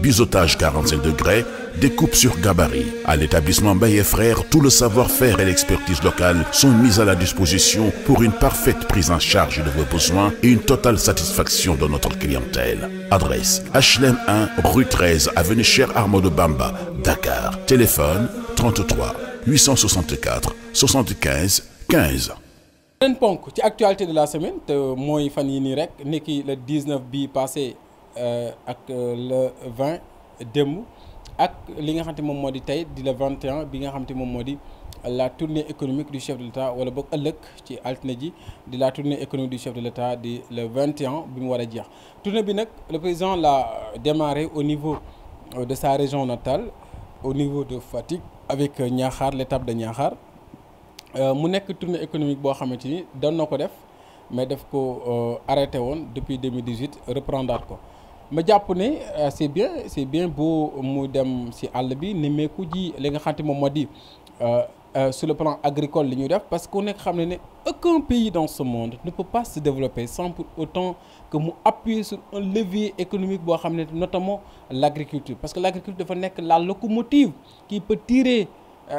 biseautage 45 degrés, découpe sur gabarit. À l'établissement Baye Frères, tout le savoir-faire et l'expertise locale sont mis à la disposition pour une parfaite prise en charge de vos besoins et une totale satisfaction de notre clientèle. Adresse HLM 1, rue 13, avenue Cheikh Amadou Bamba, Dakar. Téléphone 33 864 75 15. beneen ponk ci actualité de la le 19 passé. Euh, ak euh, le 20 démb ak li nga xam te moom moo di tey di le 21 bi nga xam te moom moo di la tournée économique du chef de l'État wala boog ëllëg ci altine ji di la tournée économique du chef de l'État di le 21 bi mu war a jeex tournée bi nag le président l'a démarré au niveau euh, de sa région natale au niveau de Fatick avec Niakhar l'étape de Niakhar mu nekk tournée économique boo xamante ni doon na ko def mais def ko arrêté woon depuis 2018 reprendaat ko ma jàpp ne euh, c'est bien c'est bien beau mu dem ci àll bi ni nemmeeku ji li nga xam te moom moo di euh, euh, su le plan agricole li ñuy def parce que ku nekk xam ne ne aucun pays dans ce monde ne peut pas se développer sans pour autant que mu appuyer sur un levier économique boo xam ne notamment l'agriculture parce que l'agriculture dafa nekk la locomotive qui peut tirer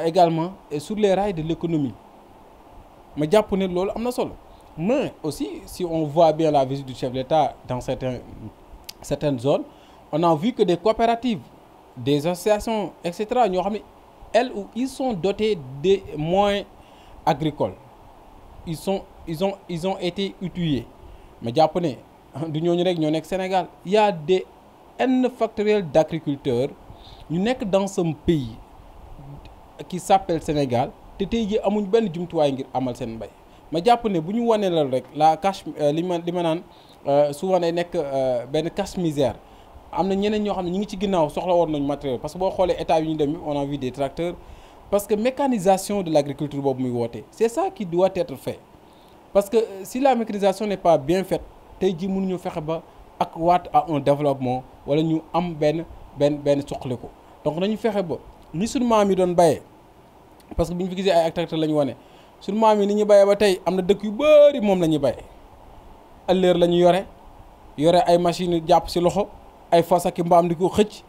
également sur les rails de l'économie ma jàpp ne loolu am na solo mais aussi si on voit bien la visite du chef d'État dans certains certaines zones on vie que des coopératives des associations et cetera ñoo xam ne elles ou ils sont dotés des moins agricoles ils son ils ont ils ont été outillés mais jàpp ne du ñooñu rek ñoo nekk Sénégal il de a des n factoriels d'agriculteurs ñu nekk dans ce pays qui s'appelle Sénégal te tey jii amuñ benn jumtuwaay ngir amal seen mbay ma jàpp ne bu ñu wanee lal rek la cache euh, li ma li ma naan euh, souvent day nekk euh, benn cache misère am na ñeneen ñoo xam ne ñu ngi ci ginnaaw soxla woon nañu matériel parce que boo xoolee état yi ñu dem on a vu parce que mécanisation de l' agriculture boobu muy woote c' est ça qui doit être fait parce que si la mécanisation n' est pas bien faite tey jii ñu fexe ba ak waat à un développement wala ñu am benn benn benn soxla ko donc nañu fexe ba ni sunu maam yi doon béyee parce que bu ñu fi gisee ay tracteurs la ñu wane. suñu maam yi ni ñu bayee ba tey am na dëkk yu bëri moom la ñuy béy ëllëer la ñu yore yore ay yu jàpp si loxo ay fas ak mbaam di ko xëcc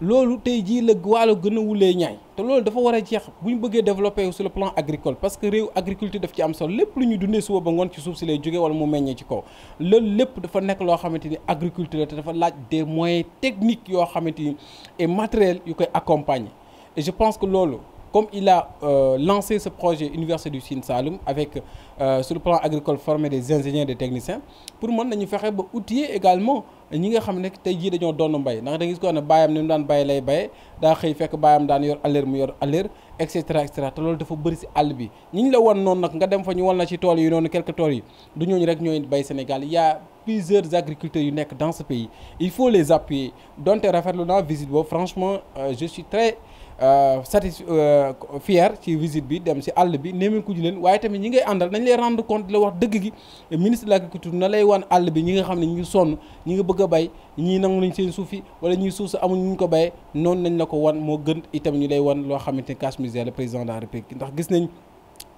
loolu tey jii la waalo gën a wulee ñaay te loolu dafa war a jeex bu ñu bëggee développé su la plan agricole parce que réew agriculture daf ci am solo lépp lu ñu dundee suba ba ngoon ci suuf si lay jógee wala mu meññee ci kaw loolu lépp dafa nekk loo xamante ni agriculture te dafa laaj de moyens techniques yoo xamante ni et matériels yu koy accompagner je pense que loolu comme il a euh, lancé projet Université du Sine saalum avec euh, sur le plan agricole formé des ingénieurs des techniciens pour mën nañu fexe ba outiller également ñi nga xam ne tey jii dañoo doon mbay ndax da gis ko ne baayam ni mu daan bay lay baye daa xëy fekk baayam daan yor alléer mu yor alléer et cetera et te loolu dafa bëri si àll bi ñi la wan noonu nag nga dem fa ñu wan la ci tool yi noonu quelques tool yi du ñooñu rek ñooy bay Sénégal y a plusieurs agriculteurs yu nekk dans ce pays il faut les appuyer donte rafetlu naa visite boobu franchement euh, je suis très euh, satisf euh, fier ci visite bi dem si àll bi nemmeeku ji leen waaye tamit ñi ngay àndal nañ lay rend compte la wax dëgg gi ministre de l'agriculture na lay wan àll bi ñi nga xam ne ñu sonn ñi nga bëgg a bay ñii nangu nañ seen suuf yi wala ñuy suuf sa amuñ ñu ko bayee noonu nañ la ko wan moo gën itam ñu loo xamante ne ministère le président de la République ndax gis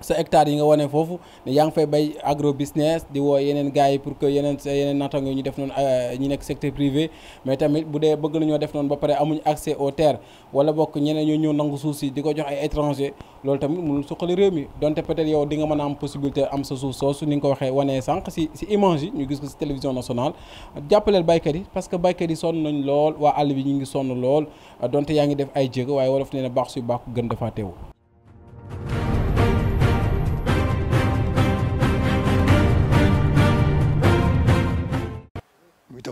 sa hectare yi nga wane foofu yaa ngi fay bay agro business di woo yeneen gars yi pour que yeneen yeneen naataango ñu def noonu euh, ñi nekk secteur privé mais tamit bu dee bëgg nañoo def noonu ba pare amuñ accès aux terres wala bokk ñeneen ñu ñëw nangu suuf si di ko jox ay étranger loolu tamit mënul suqali réew mi donte peut-être yow di nga mën a am possibilité am sa suuf soosu ni nga ko waxee wanee sànq si si image yi ñu gis ko si télévision nationale jàppaleel baykat yi parce que baykat yi sonn nañ lool waa àll bi ñu ngi sonn lool donte yaa ngi def ay jéego waaye wolof nee na baax suy baax gën dafa